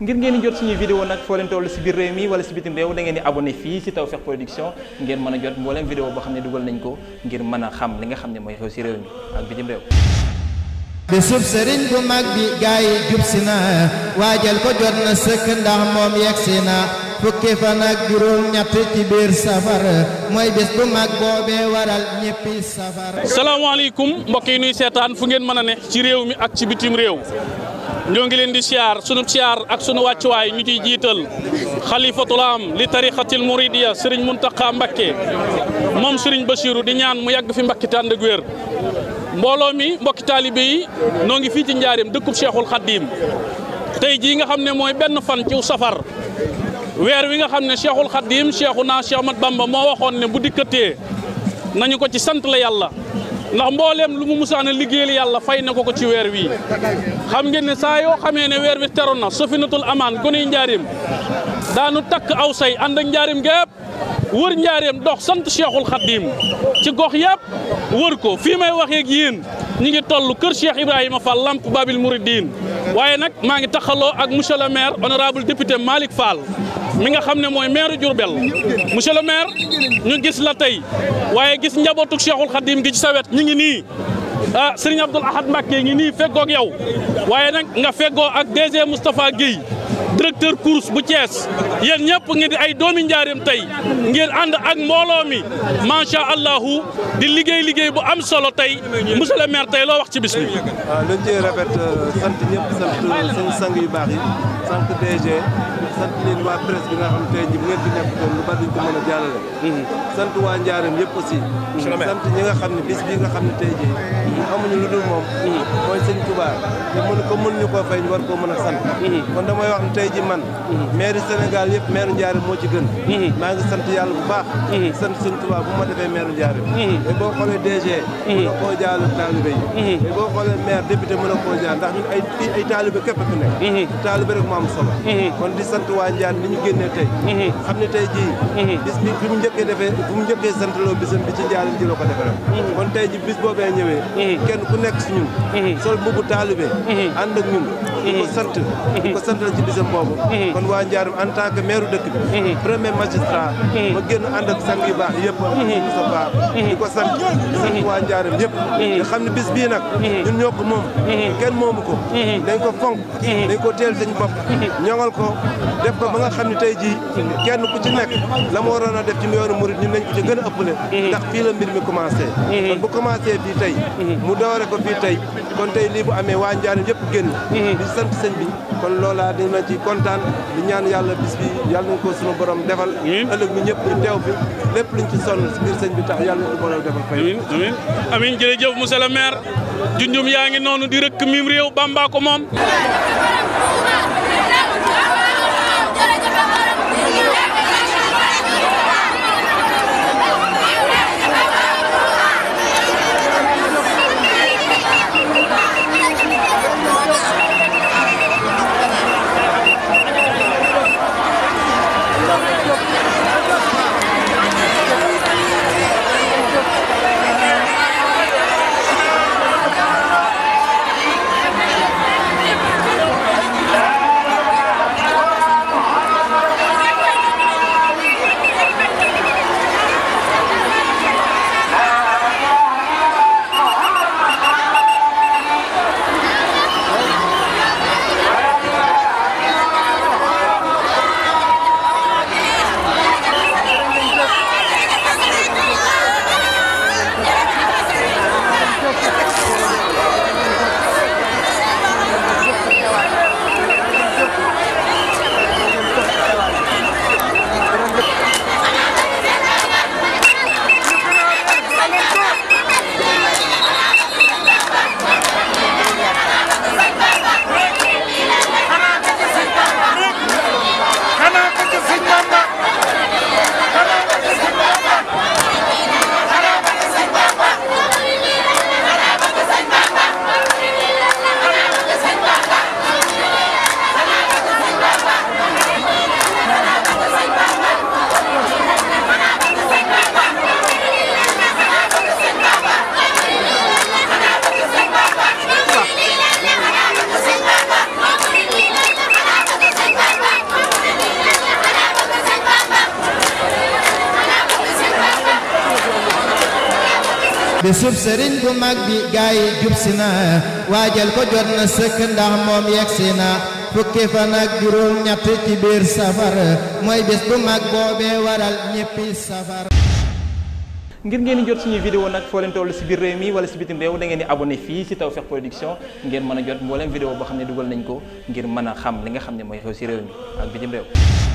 ngir ngeen di jot suñuy vidéo nag foo leen toll si biir réew mi wala si bitim réew da ngeen di abonné fii si Tawfekh Production ngeen mën a jot mbooleem vidéo boo xam ne dugal nañ ko ngir mën a xam li nga xam ne mooy xew si réew mi ak bitim réew bisub mag bi gaa yi jub si na waajal ko jot na sëkk ndax moom yegg si na fukki fan ak juróom mooy bés bu mag boobee waral ñëppi safar salaamaaleykum mbokk yi nuy seetaan fu ngeen mën a ne ci réew mi ak ci bitim réew ñoo ngi leen di siyaar sunu siyaar ak sunu wàccuwaay ñu ciy jiital xalifatul am li tariqatil muridiya sëriñ Muntaqa Mbakke moom sëriñ Basiru di ñaan mu yàgg fi Mbakke tànd ak mbooloo mi mbokki taalibe yi noo ngi fii ci njaareem dëkkub Cheikhul Khadim tey jii nga xam ne mooy benn fan ci safar weer wi nga xam ne Cheikhul Khadim Cheikhuna Cheikh Ahmad Bamba moo waxoon ne bu dikkatee nañu ko ci sant la yàlla ndax mbooleem lu mu musaan a liggéeyal yàlla fay na ko ko ci weer wi xam ngeen ne saa yoo xamee ne weer wi teroon na sofinatul amaan gone njaareem daanu takk aw say ànd ak njaareem gépp wër njaareem dox sant cheikhul xaddiim ci gox yëpp wër ko fii may waxee ak yéen ñi ngi toll kër Cheikh Ibrahima Fall Lamp Babil Mouridine waaye nag maa ngi taxaloo ak monsieur le maire honorable député Malick Fall mi nga xam ne mooy maire Diourbel monsieur le maire ñu gis la tey waaye gis njabootu Cheikhul Khadim gi ci sawet wet ñu ngi nii ah Serigne Abdoul Ahad Mbacké ngi nii feggoog yow waaye nag nga feggoo ak DG Moustapha Guèye directeur course bu Thiès yéen ñëpp ngeen di ay doomi njaareem tey ngeen ànd ak mbooloo mi macha allahu di liggéey liggéey bu am solo tey monsieur le tey loo wax ci bis bi. waaw ah, luñ ciy rafet euh, sant ñëpp sant euh, suñu sang yu baax yi sant DG sant leen waa presse nga xam tey ji a mm-hmm. sant waa njaareem yëpp aussi. ñi nga xam ne bis bi nga xam ne tey jii mm-hmm. amuñu lu dul moom. Mm-hmm. mooy sëñ Tuubaa te mënu ko mënuñu koo fay war koo mën a sant. kon damay wax ne tey ji man maire Sénégal yëpp maire Ndiarème moo ci gën maa ngi sant yàlla bu baax sant sëñ Tuubaa bu ma defee meeru Ndiarème mais boo xoolee DG mën a koo jaalu taalibe yi mais boo xoolee maire député mën a koo jaal ndax ñun ay ay taalibe képp fi nekk taalibe rek mu am solo kon di sant waa Ndiarème ni ñu génnee tey xam ne tey jii bis bi fi mu njëkkee defee fi mu njëkkee sant loo bisam bi ci Ndiarème ji la ko defee kon tey ji bis boobee ñëwee kenn ku nekk si ñun sol mbubu taalibe ànd ak ñun di ko sant di ko sant la ci bisam boobu kon waa Njaaréem en tant que maire dëkk bi premier magistrat ma génn ànd ak sang yu baax yëpp sa baax di ko sant di sant waa Njaaréem yëpp nga xam ne bis bii nag ñun ñoo ko moom kenn moomu ko dañ ko fonk dañ ko teel dañ bopp ñoŋal ko def ko ba nga xam ne tey jii kenn ku ci nekk la ma waroon a def ci yoonu mu ñun nañ ko ci gën a ëppale ndax fii la mbir mi commencé kon bu commencé fii tey mu doore ko fii tey kon tey lii bu amee waa Njaaréem yëpp génn sant sëñ bi kon loola dina ci kontaan di ñaan yàlla bis bi yàlla na ko sunu borom defal ëllëg ñu ñëpp di teew fi lépp luñ ci sonn si biir sëñ bi tax yàlla na ko borom defal fay amiin amiin amiin jërëjëf monsieur le maire junjum yaa ngi noonu di rëkk mim réew Bamba ko moom bisub sëriñ bu mag bi gaa yi jub si na waajal ko jot na sëkk ndax moom yegsi na fukki fan ak juróom ñett ci biir safar mooy bis bu mag boobee waral ñéppi safar ngir ngeen di jot suñuy vidéo nag foo leen toll si biir réew mi wala si bitim réew da di di abonné fii si Tawfekh Production ngeen mën a jot mbooleem vidéo boo xam ne dugal nañ ko ngir mën a xam li nga xam ne mooy xew réew mi ak bitim réew